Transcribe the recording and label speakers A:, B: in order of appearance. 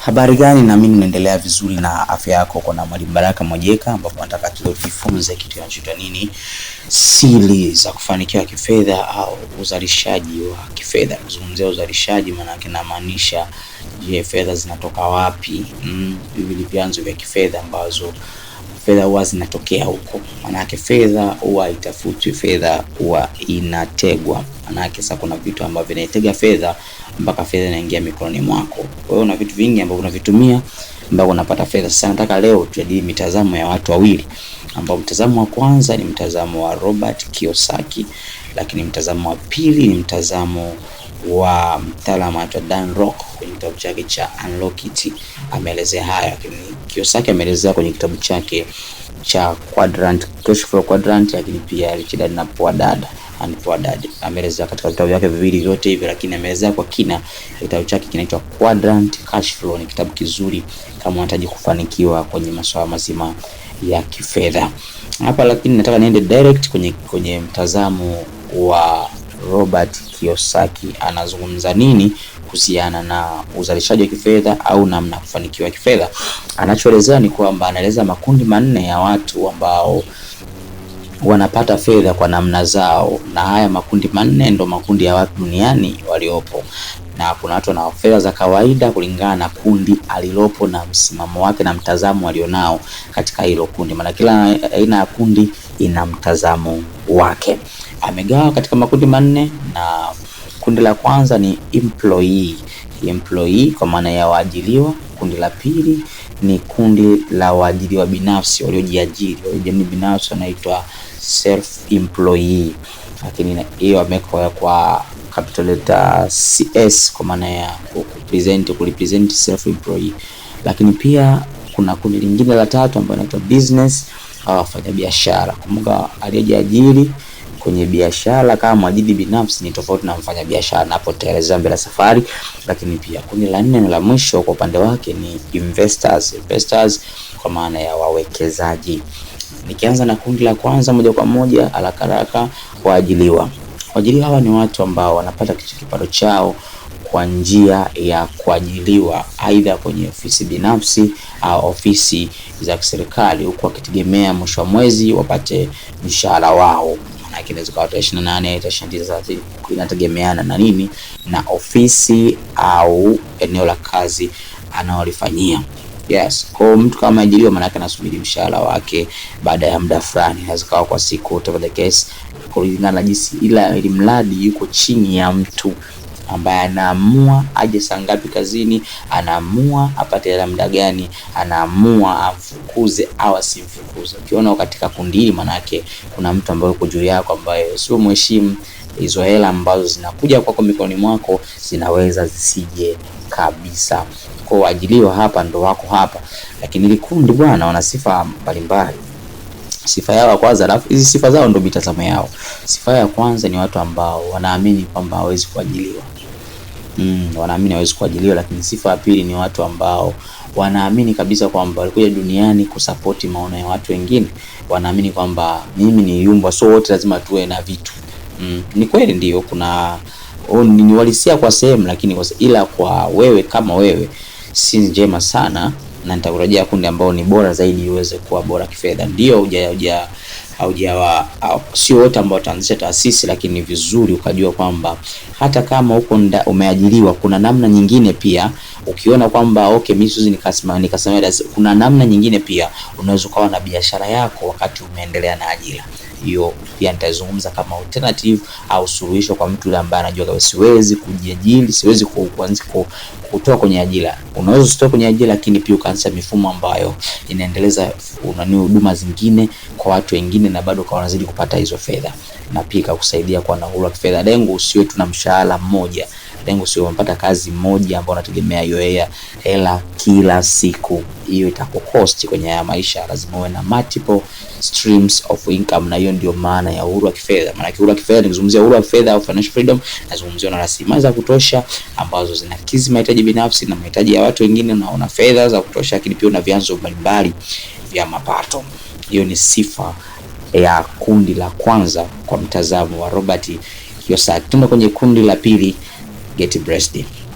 A: Habari gani, na mimi naendelea vizuri na afya yako. Kwa na Mwalimu Baraka Mwajeka, ambapo nataka tujifunze kitu kinachoitwa nini, siri za kufanikiwa kifedha au uzalishaji wa kifedha. Kuzungumzia uzalishaji, maana yake namaanisha, je, fedha zinatoka wapi? Mm, hivi ni vyanzo vya kifedha ambazo fedha huwa zinatokea huko. Maanake fedha huwa itafutwi, fedha huwa inategwa. Maanake sasa kuna vitu ambavyo vinaitega fedha mpaka fedha inaingia mikononi mwako. Kwa hiyo una vitu vingi ambavyo unavitumia mpaka unapata fedha. Sasa nataka leo tujadili mitazamo ya watu wawili ambao mtazamo wa kwanza ni mtazamo wa Robert Kiyosaki, lakini mtazamo wa pili ni mtazamo wa mtaalamu anaitwa Dan Rock kwenye kitabu chake cha Unlock It. Ameelezea hayo lakini Kiyosaki ameelezea kwenye kitabu chake cha Quadrant, Cash Flow Quadrant, lakini pia Rich Dad na Poor Dad and Poor Dad. Ameelezea katika vitabu vyake viwili vyote hivi, lakini ameelezea kwa kina. Kitabu chake kinaitwa Quadrant Cash Flow, ni kitabu kizuri kama unahitaji kufanikiwa kwenye masuala mazima ya kifedha hapa, lakini nataka niende direct kwenye kwenye mtazamo wa Robert Kiyosaki anazungumza nini kuhusiana na uzalishaji wa kifedha au namna ya kufanikiwa kifedha. Anachoelezea ni kwamba anaeleza makundi manne ya watu ambao wanapata fedha kwa namna zao, na haya makundi manne ndo makundi ya watu duniani waliopo, na kuna watu wana fedha za kawaida kulingana na kundi alilopo na msimamo wake na mtazamo alionao katika hilo kundi, maana kila aina ya kundi ina mtazamo wake amegawa katika makundi manne, na kundi la kwanza ni employee employee kwa maana ya waajiriwa. Kundi la pili ni kundi la waajiriwa binafsi waliojiajiri, waliojiajiri binafsi wanaitwa self employee, lakini hiyo ameweka kwa capital letter CS kwa maana ya kupresent, kurepresent self employee. Lakini pia kuna kundi lingine la tatu ambalo linaitwa business au wafanyabiashara. Kumbuka aliyejiajiri kwenye biashara kama mwajidi binafsi ni tofauti na mfanyabiashara, napotelezea mbele safari. Lakini pia kundi la nne na la mwisho kwa upande wake ni investors. Investors kwa maana ya wawekezaji. Nikianza na kundi la kwanza moja kwa moja haraka haraka, waajiliwa Waajiriwa hawa ni watu ambao wanapata kitu kipato chao kwa njia ya kuajiliwa aidha kwenye ofisi binafsi au ofisi za kiserikali, huku wakitegemea mwisho wa mwezi wapate mshahara wao maana yake inaweza kuwa tarehe ishirini na nane tarehe ishirini na tisa inategemeana na nini na ofisi au eneo la kazi anaolifanyia. Yes, kwa mtu kama ameajiriwa maana anasubiri mshahara wake baada ya muda fulani, inaweza kwa siku, whatever the case, kulingana na jinsi, ila ili mradi yuko chini ya mtu ambaye anaamua aje saa ngapi kazini, anaamua apate hela muda gani, anaamua amfukuze au asimfukuze. Ukiona katika kundi hili, manake kuna mtu ambaye uko juu yako, ambaye sio mheshimu. Hizo hela ambazo zinakuja kwako mikononi mwako zinaweza zisije kabisa. Kwa waajiliwa hapa ndo wako hapa, lakini hili kundi bwana, wana sifa mbalimbali sifa yao ya kwanza, alafu hizi sifa zao ndio mitazamo yao. Sifa ya kwanza ni watu ambao wanaamini kwamba hawezi kuajiliwa mm, wanaamini hawezi kuajiliwa. Lakini sifa ya pili ni watu ambao wanaamini kabisa kwamba walikuja duniani kusapoti maono ya watu wengine. Wanaamini kwamba mimi ni yumba so wote lazima tuwe na vitu mm. Ni kweli ndio, kuna oh, ni walisia kwa sehemu, lakini kwa ila kwa wewe kama wewe si njema sana, na nitakurejea kundi ambao ni bora zaidi uweze kuwa bora kifedha. Ndio huja haujawa sio wote ambao wataanzisha taasisi, lakini ni vizuri ukajua kwamba hata kama huko umeajiriwa, kuna namna nyingine pia. Ukiona kwamba okay, mimi siwezi nikasema nikasema, kuna namna nyingine pia, unaweza ukawa na biashara yako wakati umeendelea na ajira hiyo pia nitazungumza kama alternative au suluhisho kwa mtu yule ambaye anajua kabisa siwezi kujiajiri, siwezi kuanza kutoa kwenye ajira. Unaweza usitoke kwenye ajira, lakini pia ukaanzisha mifumo ambayo inaendeleza unani huduma zingine kwa watu wengine, na bado kwa wanazidi kupata hizo fedha, na pia ikakusaidia kuwa na uhuru wa kifedha. Lengo usiwe tuna mshahara mmoja lengo sio unapata kazi moja ambayo unategemea hiyo hela kila siku. Hiyo itakukosti kwenye haya maisha, lazima uwe na multiple streams of income, na hiyo ndio maana ya uhuru wa kifedha. Maana uhuru wa kifedha nikizungumzia uhuru wa kifedha au financial freedom, nazungumzia na rasilimali za kutosha ambazo zinakizi mahitaji binafsi na mahitaji ya watu wengine, na una fedha za kutosha, lakini pia una vyanzo mbalimbali vya mapato. Hiyo ni sifa ya kundi la kwanza kwa mtazamo wa Robert Kiyosaki. Tuna kwenye kundi la pili get breastfeeding.